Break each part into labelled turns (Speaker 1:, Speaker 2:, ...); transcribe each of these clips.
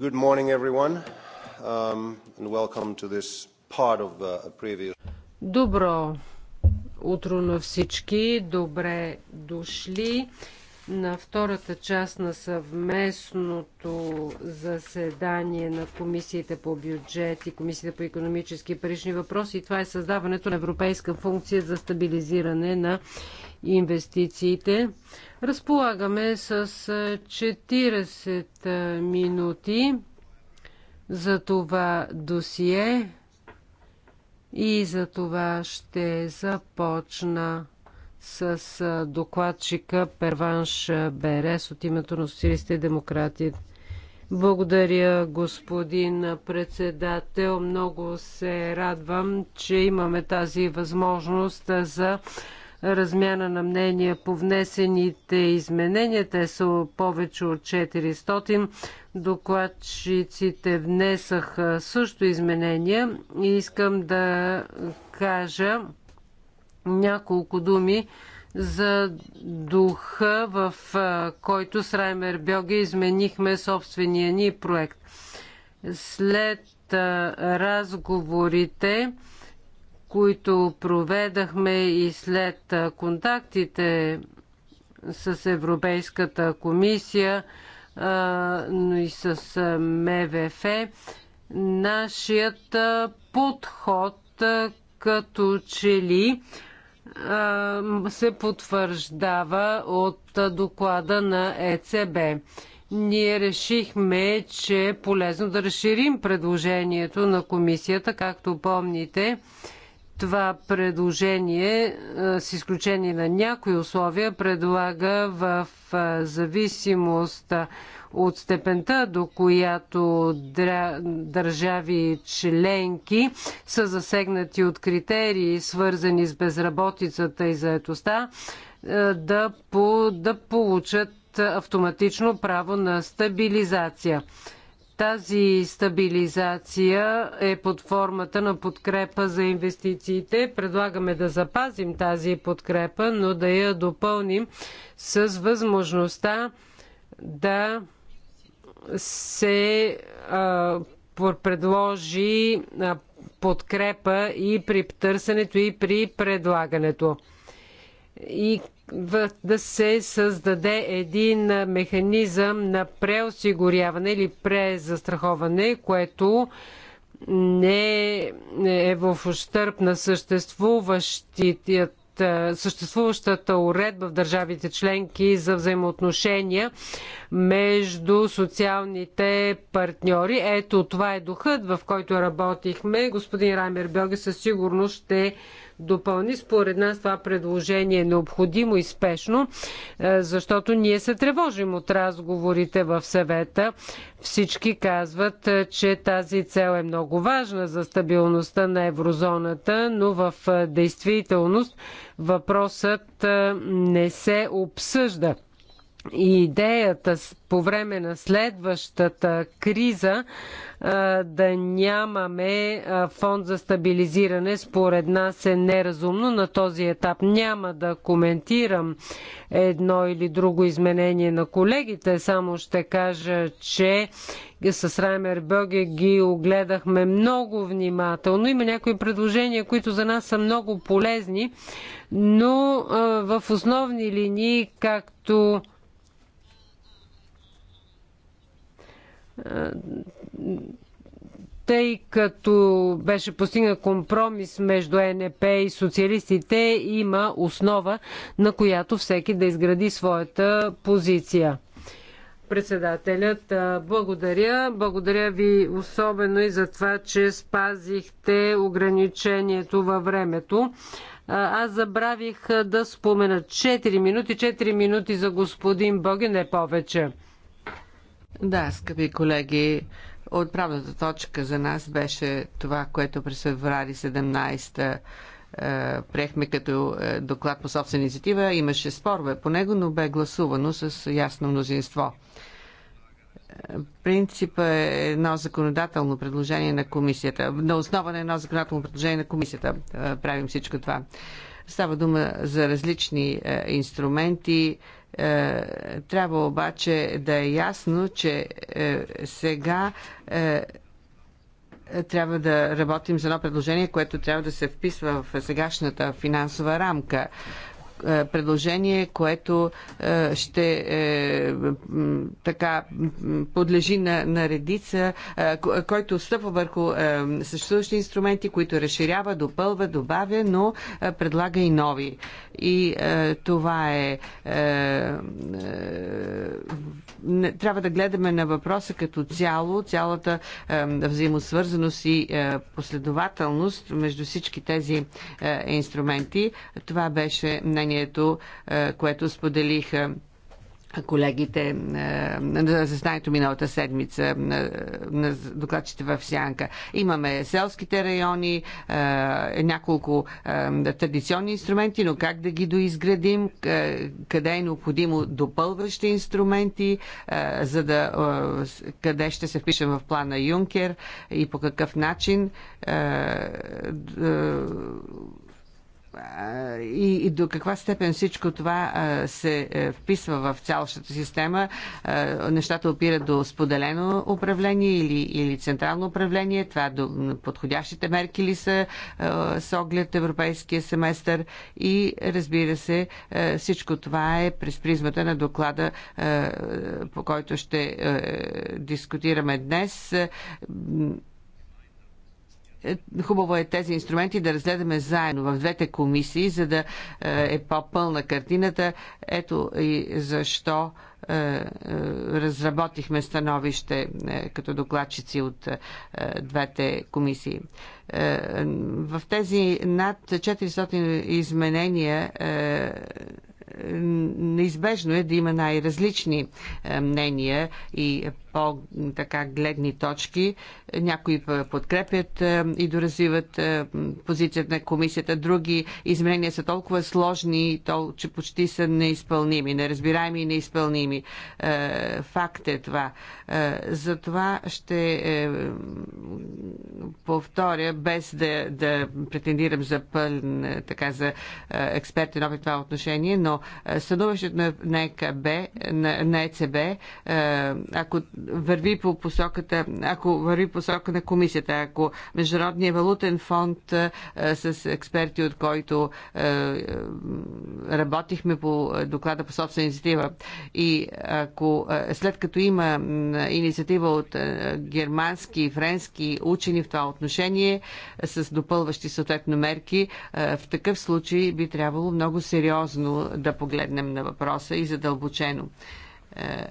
Speaker 1: Good morning, everyone, and welcome to this part of the previous... Добро утро на всички. Добре дошли на втората част на съвместното заседание на комисиите по бюджет и комисията по економически и парични въпроси. И това е създаването на европейска функция за стабилизиране на инвестициите. Разполагаме с 40 минути за това досие и за това ще започна с докладчика Перванш Берес от името на социалистите и демократи. Благодаря, господин председател. Много се радвам, че имаме тази възможност за размяна на мнения по внесените изменения. Те са повече от 400. Докладчиците внесаха също изменения. И искам да кажа, няколко думи за духа, в който с Раймер Бьоге изменихме собствения ни проект. След разговорите, които проведахме и след контактите с Европейската комисия, но и с МВФ, нашият подход като че ли се потвърждава от доклада на ЕЦБ. Ние решихме, че е полезно да разширим предложението на комисията. Както помните, това предложение, с изключение на някои условия, предлага в зависимост от степента, до която държави членки са засегнати от критерии, свързани с безработицата и заетостта, е, да, по, да получат автоматично право на стабилизация. Тази стабилизация е под формата на подкрепа за инвестициите. Предлагаме да запазим тази подкрепа, но да я допълним с възможността да се предложи подкрепа и при търсенето, и при предлагането. И да се създаде един механизъм на преосигуряване или презастраховане, което не е в ущърп на съществуващият съществуващата уредба в държавите членки за взаимоотношения между социалните партньори. Ето това е духът, в който работихме. Господин Раймер Белге със сигурност ще допълни. Според нас това предложение е необходимо и спешно, е, защото ние се тревожим от разговорите в съвета. Всички казват, е, че тази цел е много важна за стабилността на еврозоната, но в е, действителност въпросът не се обсъжда. И идеята по време на следващата криза да нямаме фонд за стабилизиране според нас е неразумно. На този етап няма да коментирам едно или друго изменение на колегите, само ще кажа, че с Раймер Бьоге ги огледахме много внимателно. Има някои предложения, които за нас са много полезни, но в основни линии, както тъй като беше постигнат компромис между НП и социалистите, има основа, на която всеки да изгради своята позиция. Председателят, благодаря. Благодаря ви особено и за това, че спазихте ограничението във времето. Аз забравих да спомена 4 минути, 4 минути за господин Боги, не повече.
Speaker 2: Да, скъпи колеги, отправната точка за нас беше това, което през феврари 17-та е, приехме като е, доклад по собствена инициатива. Имаше спорове по него, но бе гласувано с ясно мнозинство. Принципът е едно законодателно предложение на комисията. На основа на едно законодателно предложение на комисията е, правим всичко това. Става дума за различни инструменти, е, трябва обаче да е ясно, че е, сега е, трябва да работим за едно предложение, което трябва да се вписва в сегашната финансова рамка. Е, предложение, което е, ще е, така подлежи на, на редица, който стъпва върху съществуващи инструменти, които разширява, допълва, добавя, но предлага и нови. И това е не, трябва да гледаме на въпроса като цяло, цялата е, взаимосвързаност и е, последователност между всички тези е, инструменти. Това беше мнението, е, което споделиха колегите е, на заседанието миналата седмица е, на докладчите в Сянка. Имаме селските райони, е, няколко традиционни инструменти, но как да ги доизградим, къде е необходимо допълващи инструменти, за да къде ще се впишем в плана Юнкер и по какъв начин и, и до каква степен всичко това се е, вписва в цялата система. Нещата опират до споделено управление или, или централно управление. Това до подходящите мерки ли са с оглед европейския семестър и разбира се, всичко това е през призмата на доклада, по който ще дискутираме днес е, хубаво е тези инструменти да разгледаме заедно в двете комисии, за да е, е по-пълна картината. Ето и защо е, разработихме становище като докладчици от двете комисии. В тези над 400 изменения неизбежно е да има най-различни мнения и по-така гледни точки. Някои подкрепят е, и доразвиват е, позицията на комисията, други изменения са толкова сложни, че почти са неизпълними, неразбираеми и неизпълними. Е, факт е това. Затова ще повторя, без да, да претендирам за пълен, така за експертен опит това отношение, но съдуващето на ЕКБ, на, на ЕЦБ, ако върви по посоката, ако върви посока на комисията, ако Международния валутен фонд а, е, с експерти, от който а, е, е, работихме по доклада по собствена инициатива и ако а, след като има инициатива от а, германски и френски учени в това отношение а, с допълващи съответно мерки, а, в такъв случай би трябвало много сериозно да погледнем на въпроса и задълбочено. Е,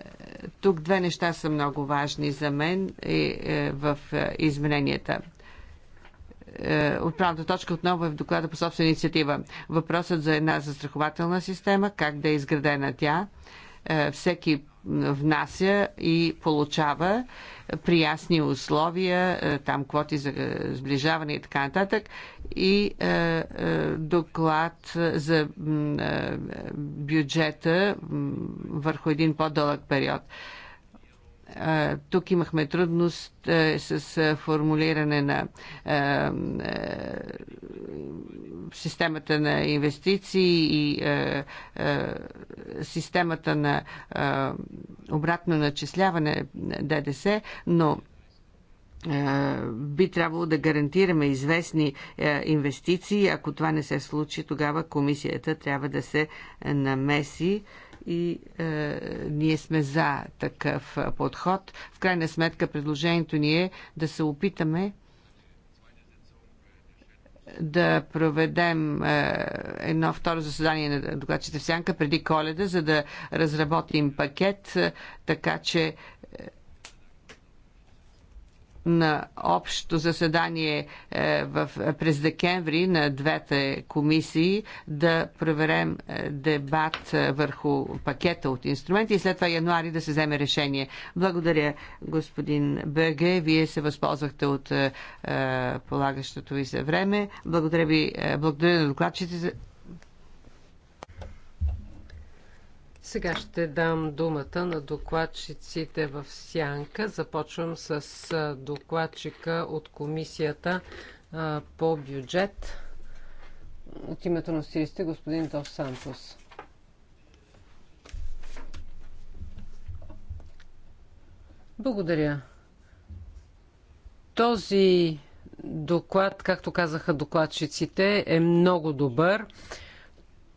Speaker 2: тук две неща са много важни за мен и е, в е, измененията отправната точка отново е в доклада по собствена инициатива. Въпросът за една застрахователна система, как да е изградена тя. Всеки внася и получава при ясни условия, е, там квоти за е, сближаване и така нататък, и е, доклад за бюджета върху един по-дълъг период. Тук имахме трудност с формулиране на системата на инвестиции и системата на обратно начисляване ДДС, но би трябвало да гарантираме известни инвестиции. Ако това не се случи, тогава комисията трябва да се намеси и е, ние сме за такъв е, подход. В крайна сметка предложението ни е да се опитаме да проведем е, едно второ заседание на докладчите в Сянка преди коледа, за да разработим пакет, е, така че на общото заседание е, в, през декември на двете комисии да проверем е, дебат е, върху пакета от инструменти и след това януари да се вземе решение. Благодаря, господин Беге. Вие се възползвахте от полагащото ви се време. Благодаря ви, благодаря на докладчите
Speaker 1: Сега ще дам думата на докладчиците в Сянка. Започвам с докладчика от комисията по бюджет. От името на стилистите господин Дос Сантос. Благодаря. Този доклад, както казаха докладчиците, е много добър.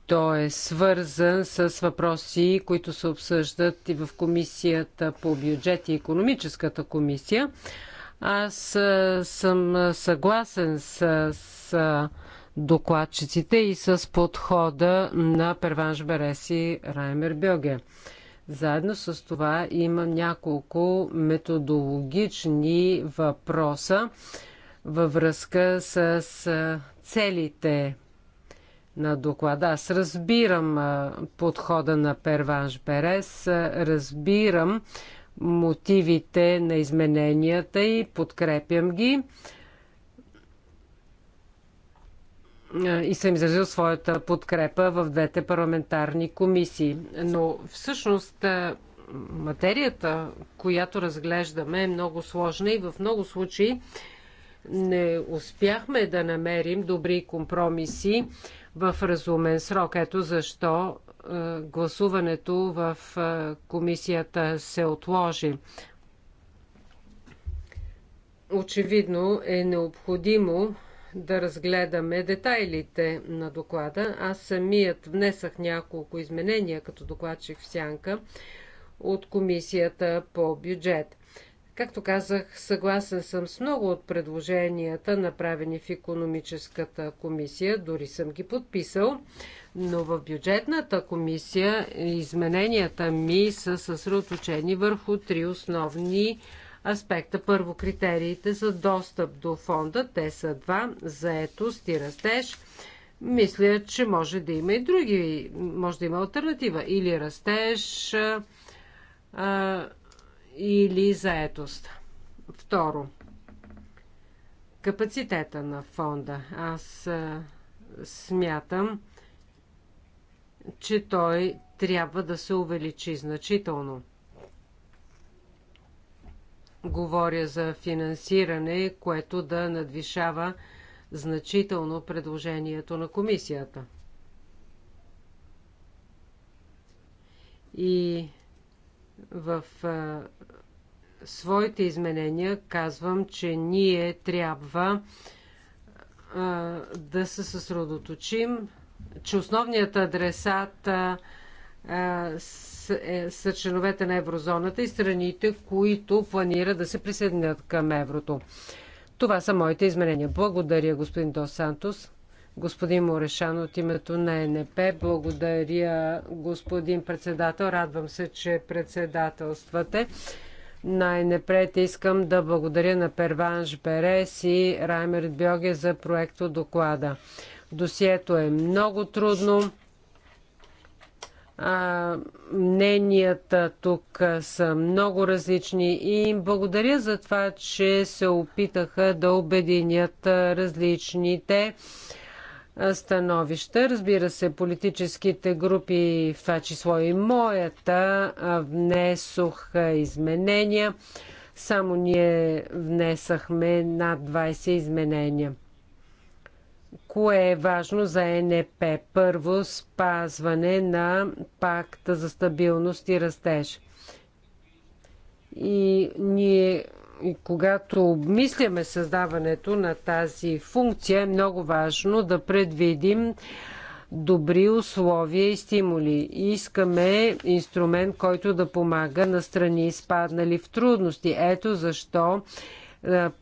Speaker 1: Той е свързан с въпроси, които се обсъждат и в комисията по бюджет и економическата комисия. Аз съм съгласен с, с докладчиците и с подхода на Перванш Береси Раймер Бьоге. Заедно с това имам няколко методологични въпроса във връзка с целите на доклада. Аз разбирам подхода на Перванш Берес, разбирам мотивите на измененията и подкрепям ги. И съм изразил своята подкрепа в двете парламентарни комисии. Но всъщност материята, която разглеждаме, е много сложна и в много случаи не успяхме да намерим добри компромиси в разумен срок. Ето защо е, гласуването в е, комисията се отложи. Очевидно е необходимо да разгледаме детайлите на доклада. Аз самият внесах няколко изменения като докладчик в сянка от комисията по бюджет. Както казах, съгласен съм с много от предложенията, направени в економическата комисия, дори съм ги подписал, но в бюджетната комисия измененията ми са съсредоточени върху три основни аспекта. Първо, критериите за достъп до фонда, те са два, заетост и растеж. Мисля, че може да има и други, може да има альтернатива. Или растеж, или заетост. Второ, капацитета на фонда. Аз смятам, че той трябва да се увеличи значително. Говоря за финансиране, което да надвишава значително предложението на комисията. И в а, своите изменения казвам, че ние трябва а, да се съсредоточим, че основният адресат а, с, е, са членовете на еврозоната и страните, които планират да се присъединят към еврото. Това са моите изменения. Благодаря, господин Дос Сантос господин Морешан от името на НП. Благодаря, господин председател. Радвам се, че председателствате. най непред искам да благодаря на Перванш Берес и Раймер Бьоге за проекто доклада. Досието е много трудно. А, мненията тук са много различни и им благодаря за това, че се опитаха да обединят различните становища. Разбира се, политическите групи, в това число и моята, внесох изменения. Само ние внесахме над 20 изменения. Кое е важно за НП? Първо, спазване на пакта за стабилност и растеж. И ние когато обмисляме създаването на тази функция, е много важно да предвидим добри условия и стимули. Искаме инструмент, който да помага на страни изпаднали в трудности. Ето защо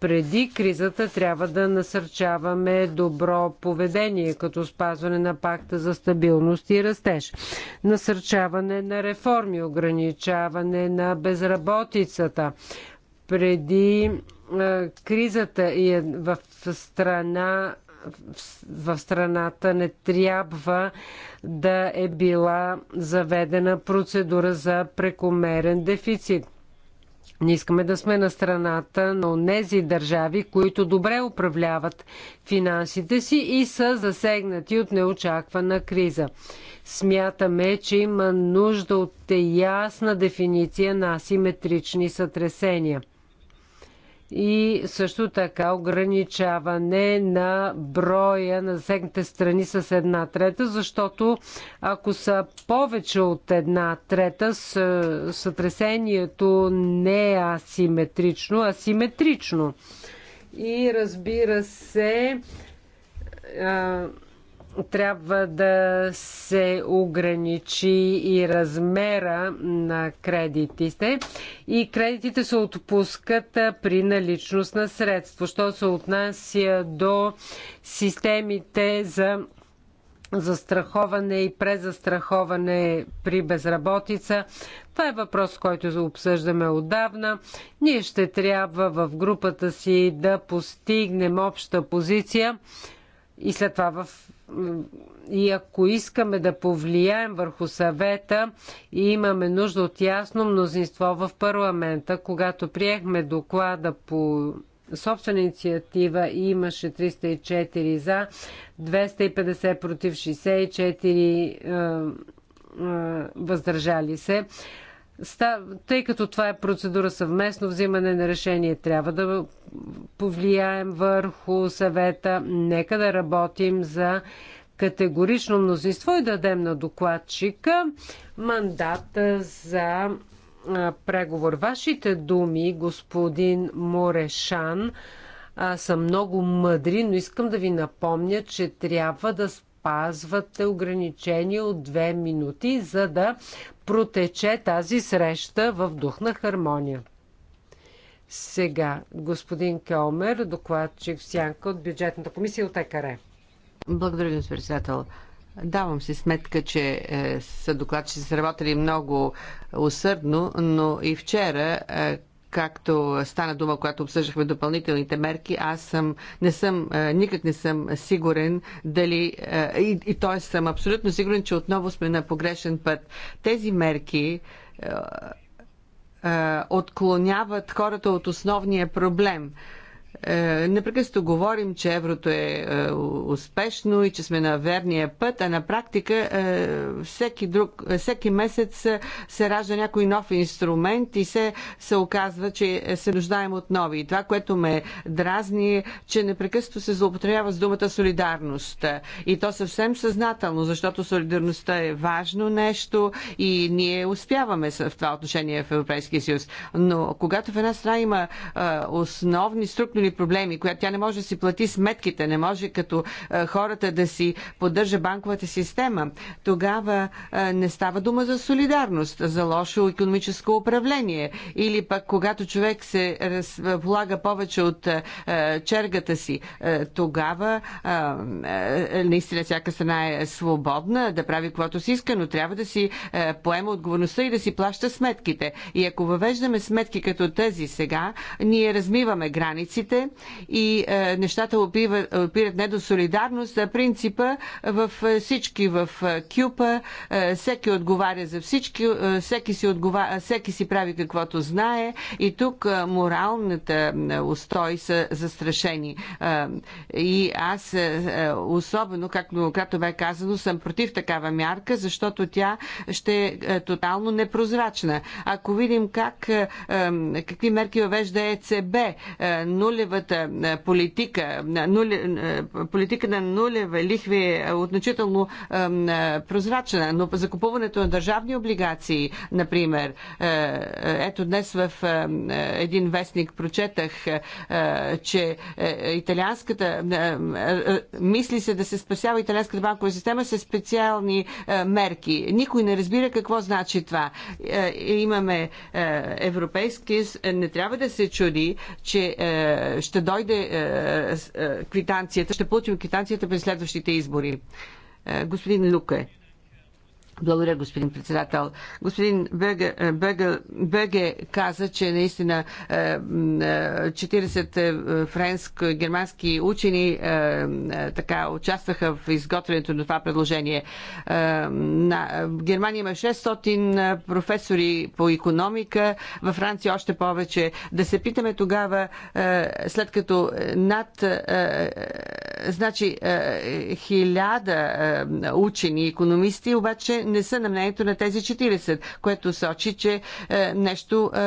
Speaker 1: преди кризата трябва да насърчаваме добро поведение, като спазване на пакта за стабилност и растеж, насърчаване на реформи, ограничаване на безработицата, преди кризата и е в страна в страната не трябва да е била заведена процедура за прекомерен дефицит. Не искаме да сме на страната на тези държави, които добре управляват финансите си и са засегнати от неочаквана криза. Смятаме, че има нужда от ясна дефиниция на асиметрични сътресения – и също така ограничаване на броя на засегнатите страни с една трета, защото ако са повече от една трета, сътресението не е асиметрично, а симетрично. И разбира се, трябва да се ограничи и размера на кредитите. И кредитите се отпускат при наличност на средство. Що се отнася до системите за застраховане и презастраховане при безработица. Това е въпрос, който обсъждаме отдавна. Ние ще трябва в групата си да постигнем обща позиция и след това в... И ако искаме да повлияем върху съвета, и имаме нужда от ясно мнозинство в парламента. Когато приехме доклада по собствена инициатива и имаше 304 за, 250 против 64 е, е, въздържали се тъй като това е процедура съвместно взимане на решение, трябва да повлияем върху съвета. Нека да работим за категорично мнозинство и дадем на докладчика мандата за преговор. Вашите думи, господин Морешан, са много мъдри, но искам да ви напомня, че трябва да спазвате ограничение от две минути, за да протече тази среща в дух на хармония. Сега, господин Келмер, докладчик Сянка от бюджетната комисия
Speaker 2: от ЕКАРЕ. Благодаря, господин председател. Давам си сметка, че е, са докладчици са работили много усърдно, но и вчера е, както стана дума, когато обсъждахме допълнителните мерки, аз съм, не съм, е, никак не съм сигурен дали, е, и, и т.е. съм абсолютно сигурен, че отново сме на погрешен път. Тези мерки е, отклоняват хората от основния проблем – е, непрекъснато говорим, че еврото е, е успешно и че сме на верния път, а на практика е, всеки, друг, всеки месец се ражда някой нов инструмент и се, се оказва, че се нуждаем от нови. И това, което ме дразни е, че непрекъснато се злоупотребява с думата солидарност. И то съвсем съзнателно, защото солидарността е важно нещо и ние успяваме в това отношение в Европейския съюз. Но когато в една страна има основни структурни проблеми, която тя не може да си плати сметките, не може като хората да си поддържа банковата система, тогава не става дума за солидарност, за лошо економическо управление. Или пък, когато човек се полага повече от чергата си, тогава наистина всяка страна е свободна да прави каквото си иска, но трябва да си поема отговорността и да си плаща сметките. И ако въвеждаме сметки като тези, сега, ние размиваме границите, държавите и е, нещата опират не до солидарност, а принципа в е, всички в е, Кюпа, всеки отговаря за всички, всеки си, отгова... всеки си прави каквото знае и тук моралната устой са застрашени. И аз особено, както многократно бе казано, съм против такава мярка, защото тя ще е тотално непрозрачна. Ако видим как, какви мерки въвежда ЕЦБ, нулев нулевата политика, нуле, политика на нулева лихви е относително прозрачна, но за купуването на държавни облигации, например, ето днес в един вестник прочетах, че италианската мисли се да се спасява италианската банкова система с специални мерки. Никой не разбира какво значи това. Имаме европейски, не трябва да се чуди, че ще дойде е, е, квитанцията, ще получим квитанцията през следващите избори. Е, господин Люке, благодаря, господин председател. Господин Беге, е, Беге, Беге каза, че наистина 40 е, е, френско-германски учени така участваха в изготвянето на това предложение. На Германия има 600 професори по економика, във Франция още повече. Да се питаме тогава, след като над значи хиляда учени економисти, обаче не са на мнението на тези 40, което сочи, че е, нещо е,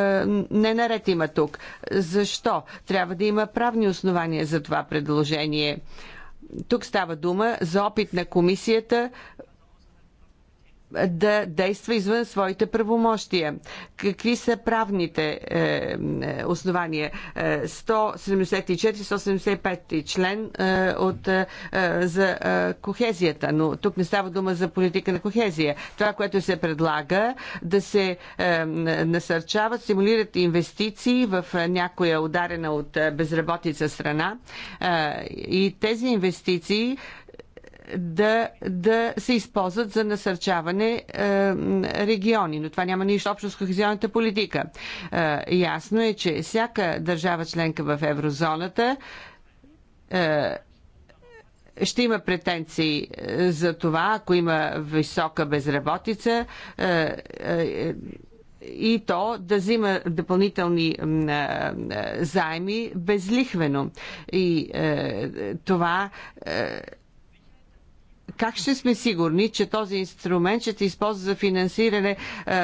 Speaker 2: не наред има тук. Защо? Трябва да има правни основания за това предложение. Тук става дума за опит на комисията да действа извън своите правомощия. Какви са правните е, е основания? 174-175 е, член е, от, е, е, за е, кохезията, но тук не става дума за политика на кохезия. Това, което се предлага, да се е, насърчават, стимулират инвестиции в някоя ударена от безработица страна е, и тези инвестиции да, да се използват за насърчаване е, региони. Но това няма нищо общо с кохезионната политика. Е, ясно е, че всяка държава членка в еврозоната е, ще има претенции е, за това, ако има висока безработица е, е, и то да взима допълнителни заеми безлихвено. И това как ще сме сигурни, че този инструмент ще се използва за финансиране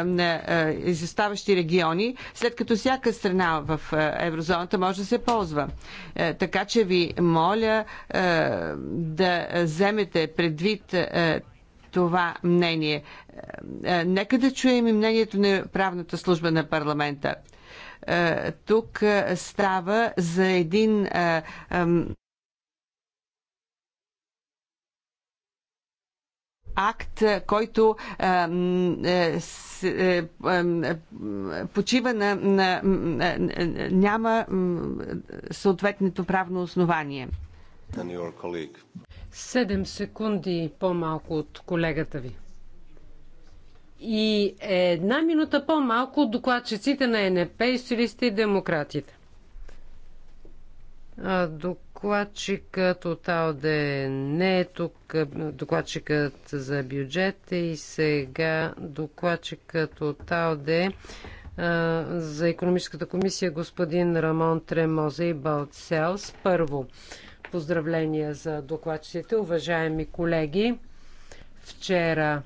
Speaker 2: на е, е, изоставащи региони, след като всяка страна в е, еврозоната може да се ползва? Така че ви моля да вземете предвид това мнение. Нека да чуем и мнението на правната служба на парламента. Тук става за един акт, който е, е, е, почива на, на, на няма съответното правно основание.
Speaker 1: Седем секунди по-малко от колегата ви. И една минута по-малко от докладчиците на НП и социалистите и демократите. А, док Докладчикът от АОДЕ не е тук. Докладчикът за бюджет е и сега докладчикът от АОДЕ за економическата комисия господин Рамон Тремоза и Балцелс. Първо, поздравления за докладчиците, уважаеми колеги. Вчера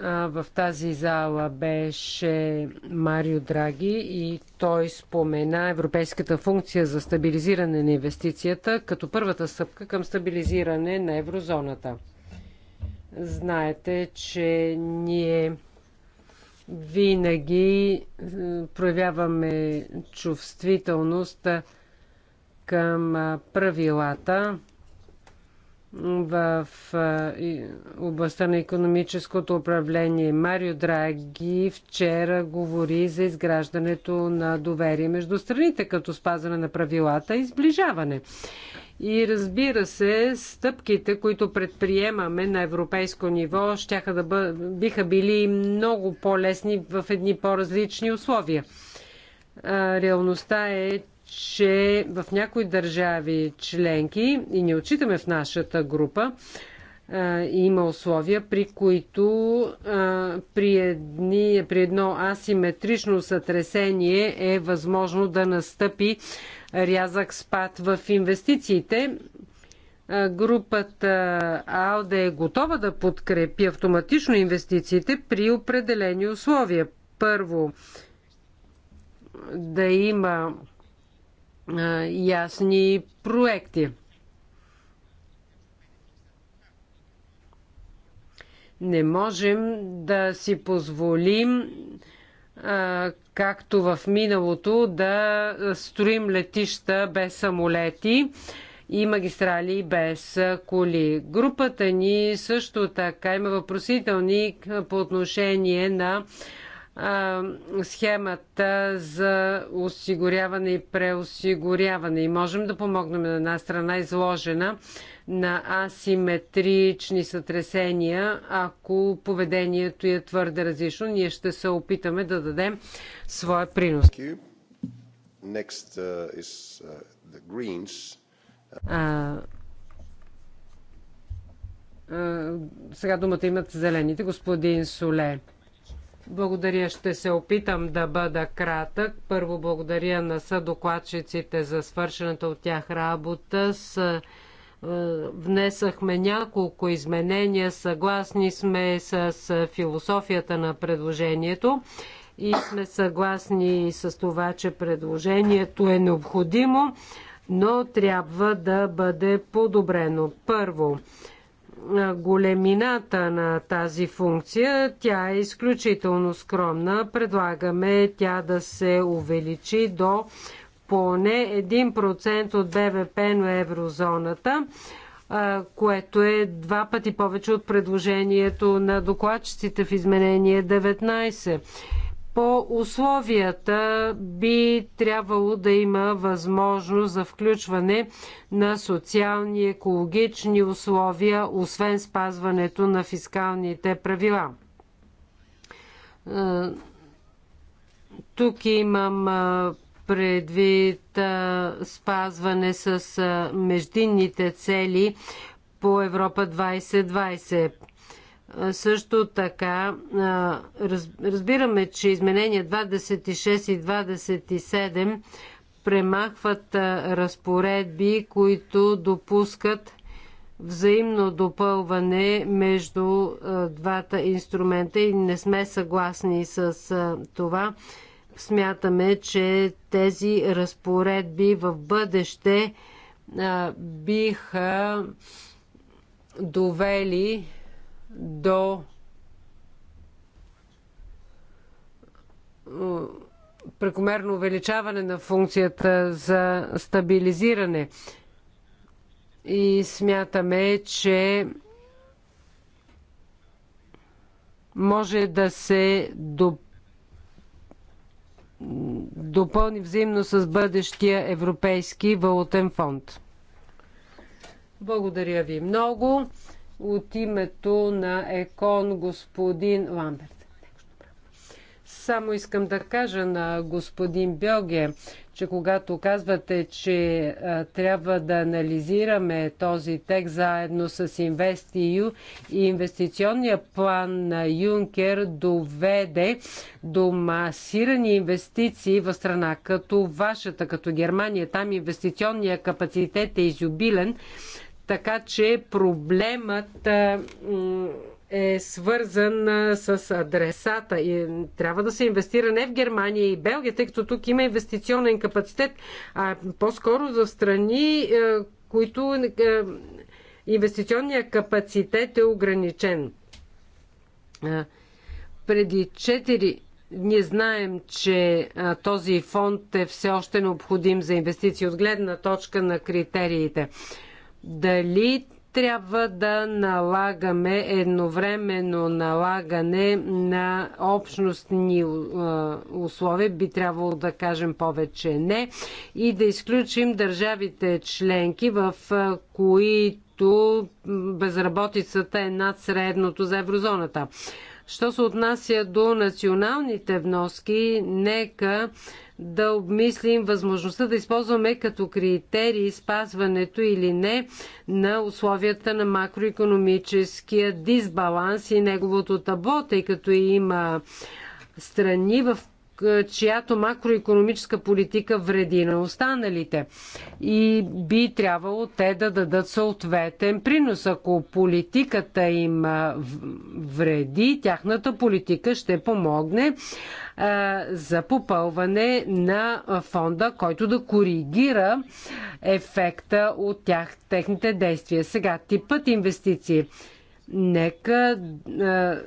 Speaker 1: в тази зала беше Марио Драги и той спомена Европейската функция за стабилизиране на инвестицията като първата стъпка към стабилизиране на еврозоната. Знаете, че ние винаги проявяваме чувствителност към правилата, в областта на економическото управление. Марио Драги вчера говори за изграждането на доверие между страните, като спазване на правилата и сближаване. И разбира се, стъпките, които предприемаме на европейско ниво, щяха да бъ... биха били много по-лесни в едни по-различни условия. Реалността е, че в някои държави членки, и не отчитаме в нашата група, има условия, при които при, едни, при едно асиметрично сътресение е възможно да настъпи рязък спад в инвестициите. Групата АЛДЕ е готова да подкрепи автоматично инвестициите при определени условия. Първо, да има ясни проекти. Не можем да си позволим, както в миналото, да строим летища без самолети и магистрали без коли. Групата ни също така има въпросителни по отношение на схемата за осигуряване и преосигуряване. И можем да помогнем на една страна изложена на асиметрични сътресения, ако поведението е твърде различно. Ние ще се опитаме да дадем своя принос. Next, uh, is, uh, а, а, сега думата имат зелените. Господин Соле. Благодаря. Ще се опитам да бъда кратък. Първо благодаря на съдокладчиците за свършената от тях работа. С, е, внесахме няколко изменения. Съгласни сме с философията на предложението и сме съгласни с това, че предложението е необходимо, но трябва да бъде подобрено. Първо, големината на тази функция. Тя е изключително скромна. Предлагаме тя да се увеличи до поне 1% от БВП на еврозоната, което е два пъти повече от предложението на докладчиците в изменение 19 по условията би трябвало да има възможност за включване на социални и екологични условия, освен спазването на фискалните правила. Е, тук имам е, предвид е, спазване с междинните цели по Европа 2020. Също така разбираме, че изменения 26 и 27 премахват разпоредби, които допускат взаимно допълване между двата инструмента и не сме съгласни с това. Смятаме, че тези разпоредби в бъдеще биха довели до прекомерно увеличаване на функцията за стабилизиране. И смятаме, че може да се допълни взаимно с бъдещия Европейски валутен фонд. Благодаря ви много от името на ЕКОН господин Ламберт. Само искам да кажа на господин Бьоге, че когато казвате, че а, трябва да анализираме този текст заедно с InvestEU, инвестиционния план на Юнкер доведе до масирани инвестиции в страна като вашата, като Германия. Там инвестиционният капацитет е изобилен. Така че проблемът е свързан с адресата и трябва да се инвестира не в Германия и Белгия, тъй като тук има инвестиционен капацитет, а по-скоро за страни, които е, инвестиционният капацитет е ограничен. Преди 4 ние знаем, че този фонд е все още необходим за инвестиции от гледна точка на критериите. Дали трябва да налагаме едновременно налагане на общностни условия, би трябвало да кажем повече не и да изключим държавите членки, в които безработицата е над средното за еврозоната. Що се отнася до националните вноски, нека да обмислим възможността да използваме като критерии спазването или не на условията на макроекономическия дисбаланс и неговото табло, тъй като има страни, в чиято макроекономическа политика вреди на останалите. И би трябвало те да дадат съответен принос. Ако политиката им вреди, тяхната политика ще помогне за попълване на фонда, който да коригира ефекта от тях, техните действия. Сега типът инвестиции. Нека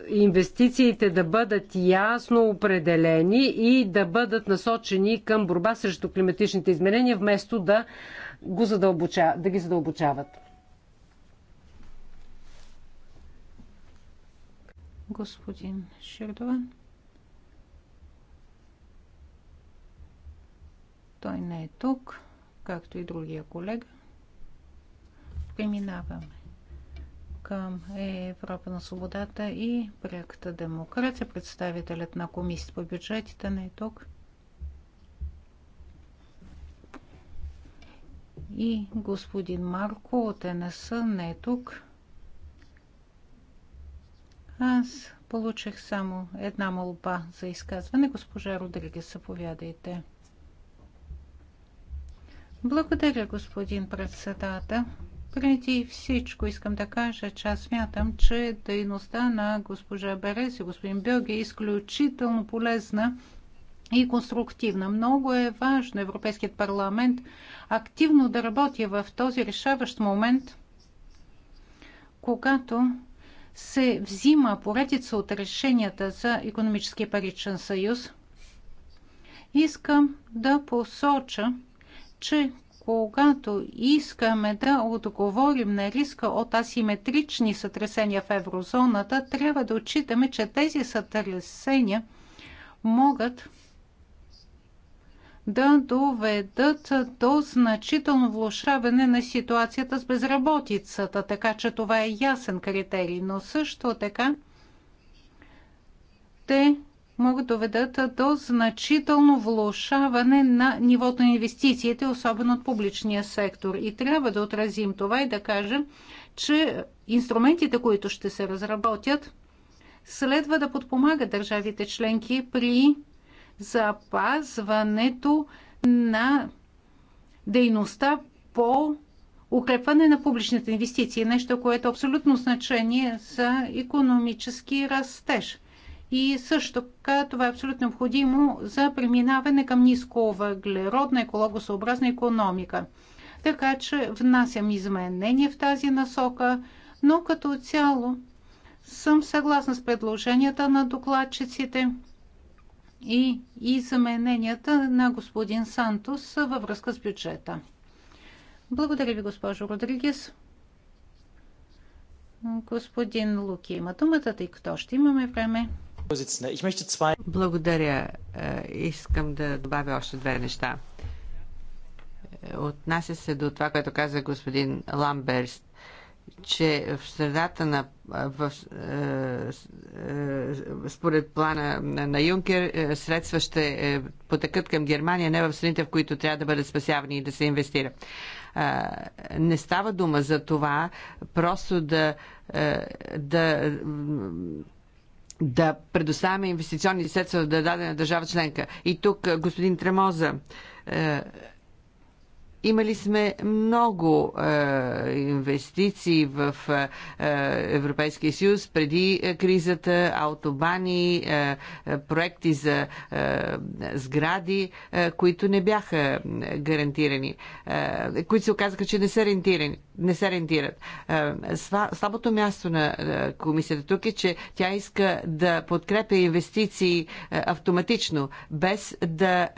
Speaker 1: инвестициите да бъдат ясно определени и да бъдат насочени към борба срещу климатичните изменения, вместо да, го задълбоча, да ги задълбочават.
Speaker 3: Господин Шердован. Той не е тук, както и другия колега. Преминаваме към Европа на свободата и проекта демокрация. Представителят на комисията по бюджетите на е тук. И господин Марко от НС не е тук. Аз получих само една молба за изказване. Госпожа Родригес, заповядайте. Благодаря, господин председател. Преди всичко искам да кажа, че аз смятам, че дейността на госпожа Берес и господин Бюрге е изключително полезна и конструктивна. Много е важно Европейският парламент активно да работи в този решаващ момент, когато се взима поредица от решенията за економически паричен съюз. Искам да посоча, че когато искаме да отговорим на риска от асиметрични сътресения в еврозоната, трябва да отчитаме, че тези сътресения могат да доведат до значително влушаване на ситуацията с безработицата, така че това е ясен критерий, но също така те могат доведат до значително влушаване на нивото на инвестициите, особено от публичния сектор. И трябва да отразим това и да кажем, че инструментите, които ще се разработят, следва да подпомагат държавите членки при запазването на дейността по укрепване на публичните инвестиции. Нещо, което е абсолютно значение за економически растеж. И също така това е абсолютно необходимо за преминаване към ниско въглеродна екологосъобразна економика. Така че внасям изменения в тази насока, но като цяло съм съгласна с предложенията на докладчиците и измененията на господин Сантос във връзка с бюджета. Благодаря ви, госпожо Родригес. Господин Луки има думата, тъй като още имаме време.
Speaker 2: Благодаря. Е, искам да добавя още две неща. Е, отнася се до това, което каза господин Ламберст че в средата на в, в, е, в, според плана на, на Юнкер средства ще потъкат към Германия, не в страните, в които трябва да бъдат спасявани и да се инвестира. не става дума за това просто да, да да предоставяме инвестиционни средства да дадена държава членка. И тук, е, господин Тремоза, е, Имали сме много е, инвестиции в е, е Европейския съюз преди е, кризата, автобани, е, проекти за е, сгради, е, които не бяха гарантирани, е, които се оказаха, че не са рентирани не се рентират. Е, слабото място на е, комисията тук е, че тя иска да подкрепя инвестиции е, автоматично, без да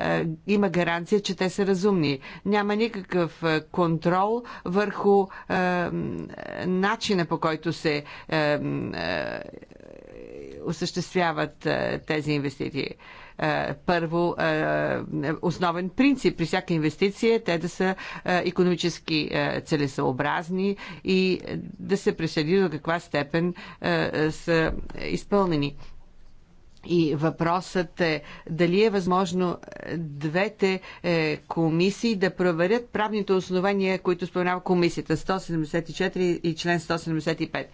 Speaker 2: има гаранция, че те са разумни. Няма никакъв контрол върху начина по който се осъществяват тези инвестиции. Е, първо е, основен принцип при всяка инвестиция, е те да са економически целесообразни и да се преследи до каква степен са изпълнени. И въпросът е дали е възможно е, двете е, комисии да проверят правните основания, които споменава комисията 174 и член 175.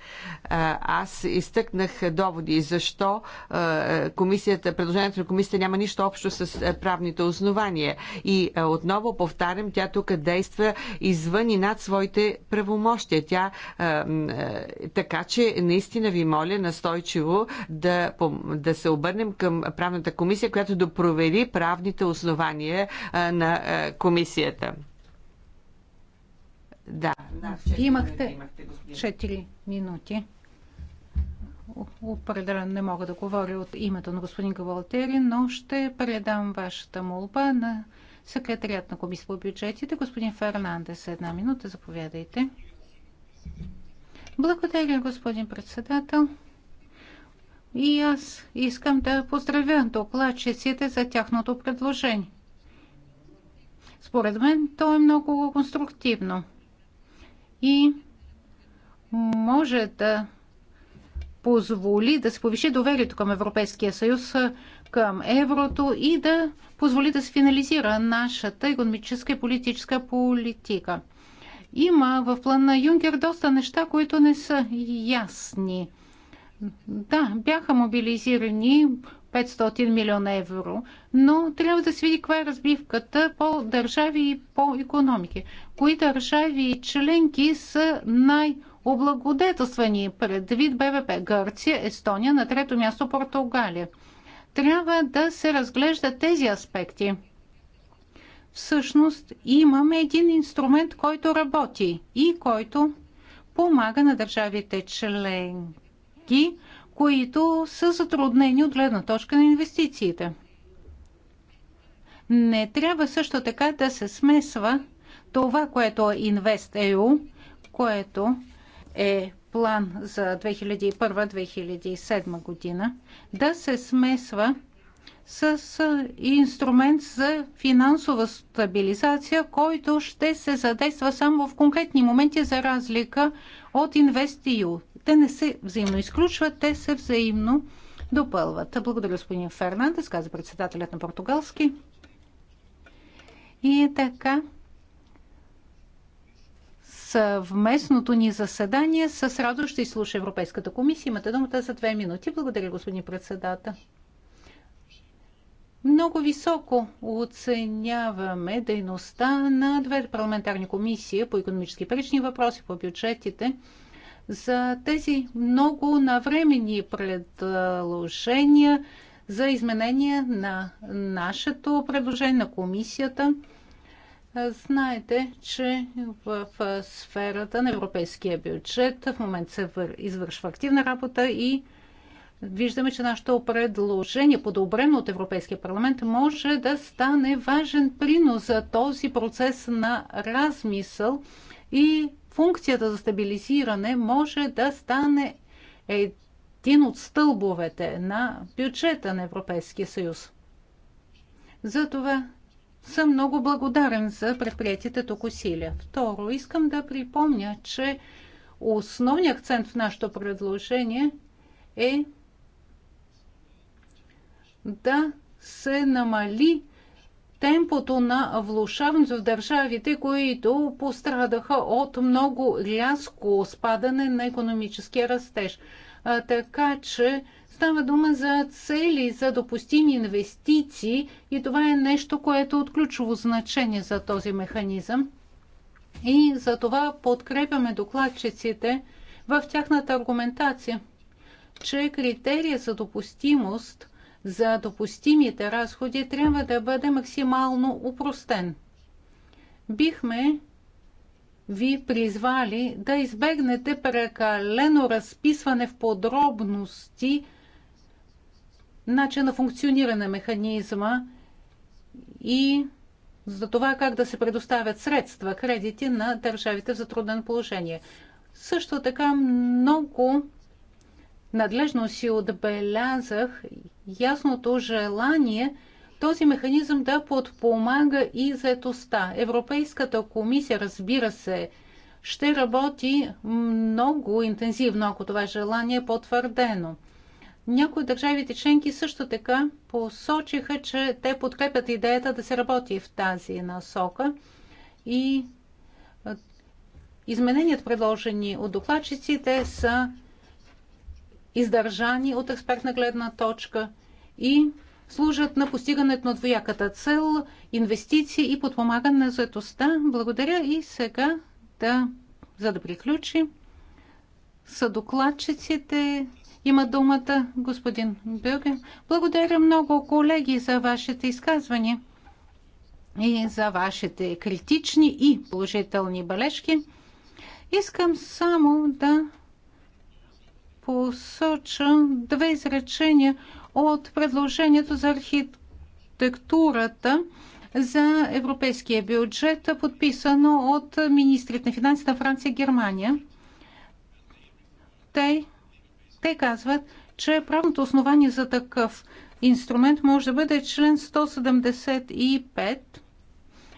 Speaker 2: Аз изтъкнах доводи защо е, комисията, предложението на комисията няма нищо общо с е, правните основания. И отново повтарям, тя тук действа извън и над своите правомощия. Тя така че наистина ви моля настойчиво да, да се обърнете обърнем към правната комисия, която да провери правните основания на комисията. Да.
Speaker 3: Вие имахте 4 минути. Определено не мога да говоря от името на господин Гавалтери, но ще предам вашата молба на секретарят на комисия по бюджетите. Господин Фернандес, една минута, заповядайте. Благодаря, господин председател. И аз искам да поздравя докладчиците за тяхното предложение. Според мен то е много конструктивно и може да позволи да се повиши доверието към Европейския съюз, към еврото и да позволи да се финализира нашата економическа и политическа политика. Има в плана Юнкер доста неща, които не са ясни – да, бяха мобилизирани 500 милиона евро, но трябва да се види каква е разбивката по държави и по економики. Кои държави и членки са най- облагодетелствани предвид БВП Гърция, Естония, на трето място Португалия. Трябва да се разглеждат тези аспекти. Всъщност имаме един инструмент, който работи и който помага на държавите член, мерки, които са затруднени от гледна точка на инвестициите. Не трябва също така да се смесва това, което е InvestEU, което е план за 2001-2007 година, да се смесва с инструмент за финансова стабилизация, който ще се задейства само в конкретни моменти за разлика от InvestEU те не се взаимно изключват, те се взаимно допълват. Благодаря, господин Фернандес, каза председателят на португалски. И е така, съвместното ни заседание с радост ще изслуша Европейската комисия. Имате думата за две минути. Благодаря, господин председател. Много високо оценяваме дейността на двете парламентарни комисии по економически парични въпроси, по бюджетите – за тези много навремени предложения за изменение на нашето предложение на комисията. Знаете, че в сферата на европейския бюджет в момент се извършва активна работа и виждаме, че нашето предложение, подобрено от Европейския парламент, може да стане важен принос за този процес на размисъл и функцията за стабилизиране може да стане един от стълбовете на бюджета на Европейския съюз. Затова съм много благодарен за предприятите тук усилия. Второ, искам да припомня, че основният акцент в нашето предложение е да се намали темпото на влушаването в държавите, които пострадаха от много рязко спадане на економическия растеж. Така че става дума за цели, за допустими инвестиции и това е нещо, което е от ключово значение за този механизъм. И за това подкрепяме докладчиците в тяхната аргументация, че критерия за допустимост – за допустимите разходи трябва да бъде максимално упростен. Бихме ви призвали да избегнете прекалено разписване в подробности начина функциониране на механизма и за това как да се предоставят средства, кредити на държавите в затруднено положение. Също така много надлежно си отбелязах ясното желание този механизъм да подпомага и заетостта. Европейската комисия, разбира се, ще работи много интензивно, ако това желание е потвърдено. Някои държавите членки също така посочиха, че те подкрепят идеята да се работи в тази насока и измененият предложени от докладчиците са издържани от експертна гледна точка и служат на постигането на двояката цел, инвестиции и подпомагане на заетостта. Благодаря и сега да, за да приключи, са докладчиците. Има думата господин Бюге. Благодаря много, колеги, за вашите изказвания и за вашите критични и положителни бележки. Искам само да посоча две изречения от предложението за архитектурата за европейския бюджет, подписано от министрите на финансите на Франция и Германия. Те, те казват, че правното основание за такъв инструмент може да бъде член 175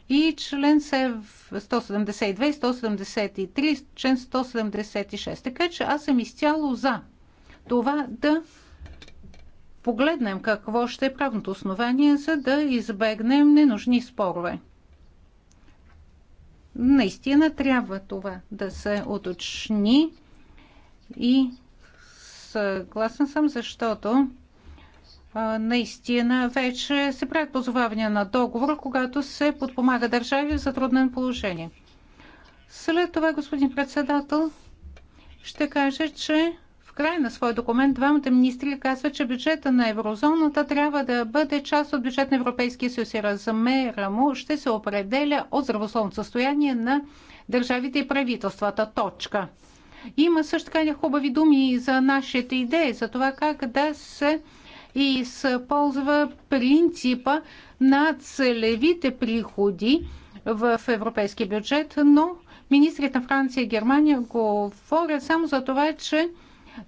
Speaker 3: и член 172 и 173, член 176. Така че аз съм изцяло за това да погледнем какво ще е правното основание, за да избегнем ненужни спорове. Наистина трябва това да се уточни и съгласен съм, защото наистина вече се правят позовавания на договор, когато се подпомага държави в затруднен положение. След това, господин председател, ще кажа, че в край на свой документ двамата министри казват, че бюджета на еврозоната трябва да бъде част от бюджет на Европейския съюз и размера му ще се определя от здравословното състояние на държавите и правителствата. Точка. Има също така хубави думи и за нашите идеи, за това как да се и използва принципа на целевите приходи в европейския бюджет, но министрите на Франция и Германия говорят само за това, че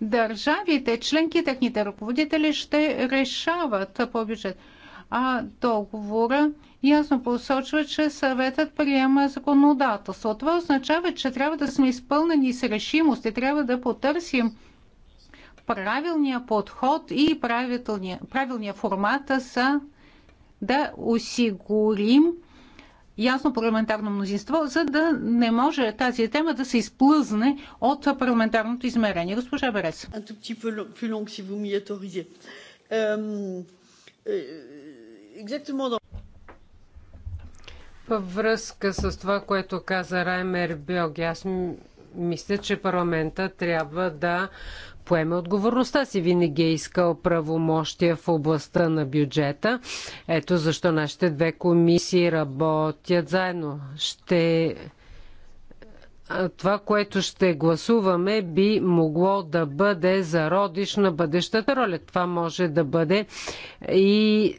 Speaker 3: държавите, членки, техните ръководители ще решават по бюджет. А договора ясно посочва, че съветът приема законодателство. Това означава, че трябва да сме изпълнени с решимост и трябва да потърсим правилния подход и правилния, правилния формат са да осигурим ясно парламентарно мнозинство, за да не може тази тема да се изплъзне от парламентарното измерение. Госпожа Берес. Э,
Speaker 1: Във връзка с това, което каза Раймер Бьоги, аз мисля, че парламента трябва да поеме отговорността си. Винаги е искал правомощия в областта на бюджета. Ето защо нашите две комисии работят заедно. Ще това, което ще гласуваме, би могло да бъде зародиш на бъдещата роля. Това може да бъде и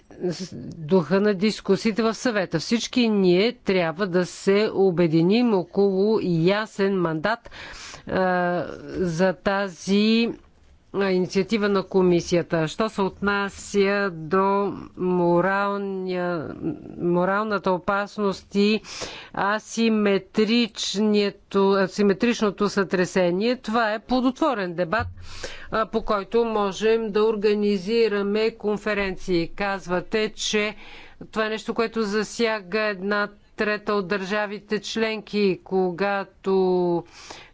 Speaker 1: духа на дискусиите в съвета. Всички ние трябва да се обединим около ясен мандат за тази инициатива на комисията. Що се отнася до моралния, моралната опасност и асиметричното сътресение, това е плодотворен дебат, по който можем да организираме конференции. Казвате, че това е нещо, което засяга една трета от държавите членки, когато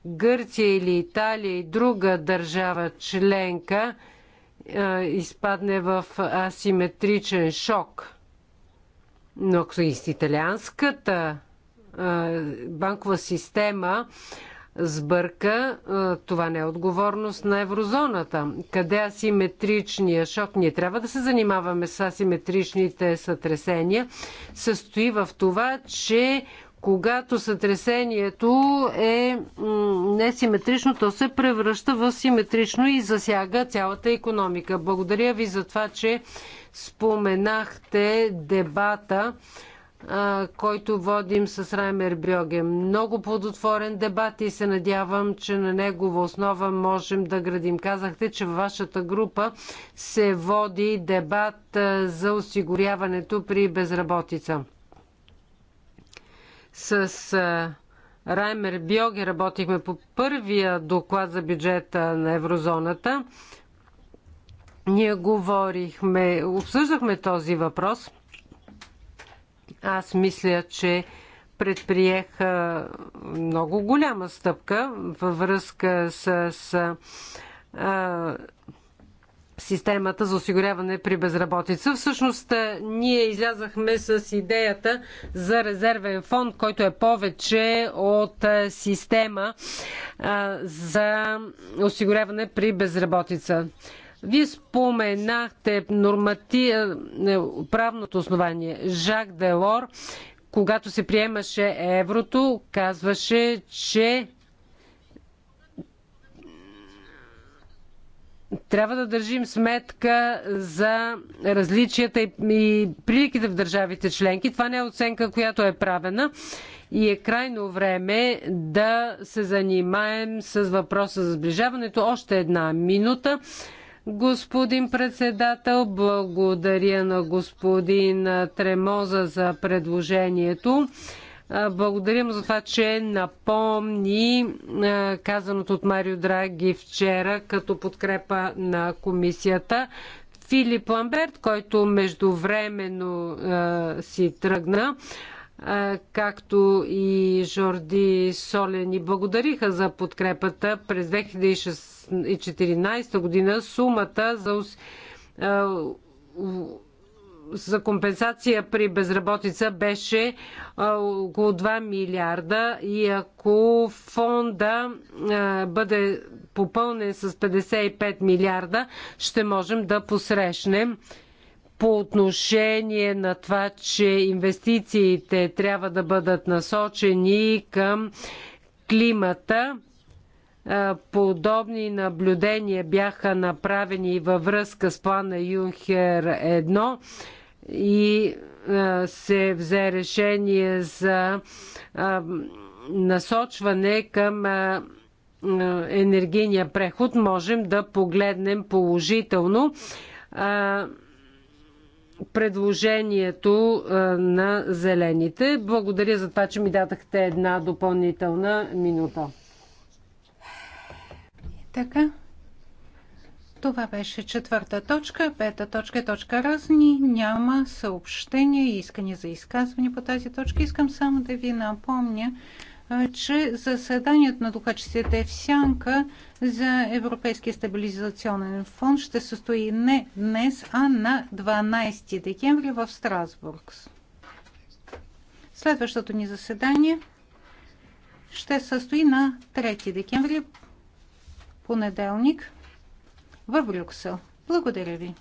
Speaker 1: Гърция или Италия и друга държава членка е, изпадне в асиметричен шок. Но ако с италианската е, банкова система сбърка, е, това не е отговорност на еврозоната. Къде е асиметричния шок? Ние трябва да се занимаваме с асиметричните сътресения. Състои в това, че когато сътресението е несиметрично, то се превръща в симетрично и засяга цялата економика. Благодаря ви за това, че споменахте дебата който водим с Раймер Брьоге. Много плодотворен дебат и се надявам, че на негова основа можем да градим. Казахте, че във вашата група се води дебат за осигуряването при безработица. С Раймер Биоги работихме по първия доклад за бюджета на еврозоната. Ние говорихме, обсъждахме този въпрос. Аз мисля, че предприех много голяма стъпка във връзка с системата за осигуряване при безработица. Всъщност ние излязахме с идеята за резервен фонд, който е повече от система за осигуряване при безработица. Вие споменахте нормати... правното основание. Жак Делор, когато се приемаше еврото, казваше, че Трябва да държим сметка за различията и приликите в държавите членки. Това не е оценка, която е правена и е крайно време да се занимаем с въпроса за сближаването. Още една минута. Господин председател, благодаря на господин Тремоза за предложението. Благодарим за това, че напомни казаното от Марио Драги вчера като подкрепа на комисията. Филип Ламберт, който междувременно си тръгна, както и Жорди Солени, благодариха за подкрепата през 2014 година сумата за за компенсация при безработица беше около 2 милиарда и ако фонда бъде попълнен с 55 милиарда, ще можем да посрещнем по отношение на това, че инвестициите трябва да бъдат насочени към климата Подобни наблюдения бяха направени във връзка с плана Юнхер 1 и се взе решение за насочване към енергийния преход. Можем да погледнем положително предложението на зелените. Благодаря за това, че ми дадахте една допълнителна минута. Така. Това беше четвърта точка. Пета точка
Speaker 3: е точка разни. Няма съобщения и искания за изказване по тази точка. Искам само да ви напомня, че заседанието на докачиците в Сянка за Европейския стабилизационен фонд ще състои не днес, а на 12 декември в Страсбург. Следващото ни заседание ще състои на 3 декември понеделник в Брюксел. Благодаря ви.